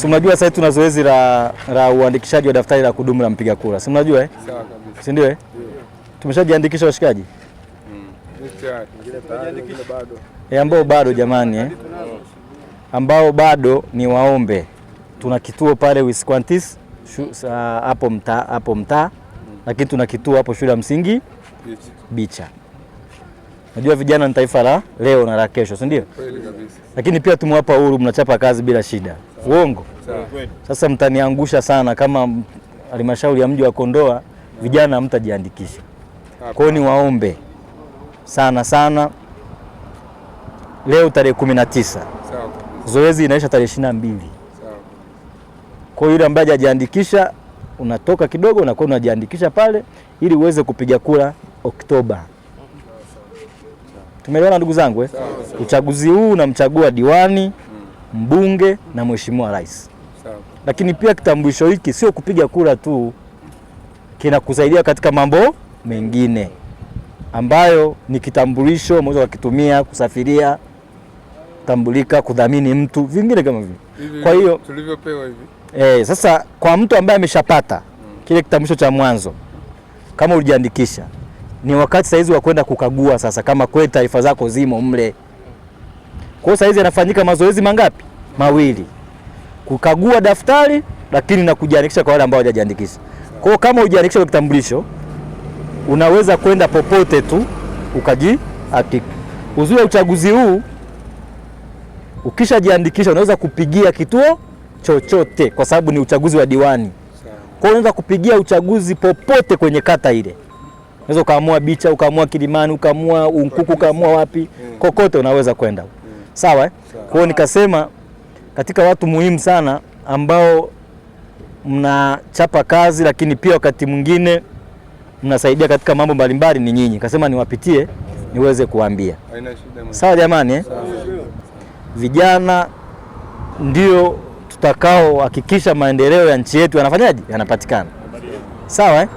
Si mnajua sasa tuna zoezi la la uandikishaji wa daftari la kudumu la mpiga kura. Si mnajua eh? Sawa kabisa. Si ndio eh? Tumeshajiandikisha washikaji? Hmm. Eh, ambao bado jamani eh? Ambao bado ni waombe. Tuna kituo pale Wisquantis hapo mtaa hapo mtaa, lakini tuna kituo hapo shule ya msingi Bicha. Najua vijana ni taifa la leo na la kesho, si ndio? Kweli kabisa lakini pia tumewapa uhuru, mnachapa kazi bila shida. Uongo? Sasa mtaniangusha sana kama halmashauri ya mji wa Kondoa vijana hamtajiandikisha. Kwa hiyo niwaombe sana sana, leo tarehe kumi na tisa zoezi inaisha tarehe ishirini na mbili kwa hiyo yule ambaye hajajiandikisha unatoka kidogo unakuwa unajiandikisha pale ili uweze kupiga kura Oktoba. Tumeelewana ndugu zangu eh? Uchaguzi huu unamchagua diwani, mbunge na mheshimiwa rais. Lakini pia kitambulisho hiki sio kupiga kura tu, kinakusaidia katika mambo mengine ambayo ni kitambulisho, unaweza kukitumia kusafiria, kutambulika, kudhamini mtu, vingine kama vile. Kwa hiyo tulivyopewa hivi eh, sasa kwa mtu ambaye ameshapata mm. kile kitambulisho cha mwanzo, kama ulijiandikisha ni wakati saizi wa kwenda kukagua sasa kama kweli taarifa zako zimo mle. Kwa hiyo saizi anafanyika mazoezi mangapi? Mawili, kukagua daftari lakini na kujiandikisha kwa wale ambao hawajajiandikisha. Kwa hiyo kama hujiandikisha kwa kitambulisho, unaweza kwenda popote tu ukajiandika. Uzuri wa uchaguzi huu, ukishajiandikisha unaweza kupigia kituo chochote, kwa sababu ni uchaguzi wa diwani. Kwa hiyo unaweza kupigia uchaguzi popote kwenye kata ile. Unaweza ukaamua Bicha, ukaamua Kilimani, ukaamua Unkuku, ukaamua wapi, mm. kokote unaweza kwenda. Mm. Sawa eh? Kwa nikasema katika watu muhimu sana ambao mnachapa kazi lakini pia wakati mwingine mnasaidia katika mambo mbalimbali ni nyinyi. Kasema niwapitie niweze kuambia. Sawa jamani eh? Sawa. Vijana ndio tutakaohakikisha maendeleo ya nchi yetu yanafanyaje? Yanapatikana. Sawa eh?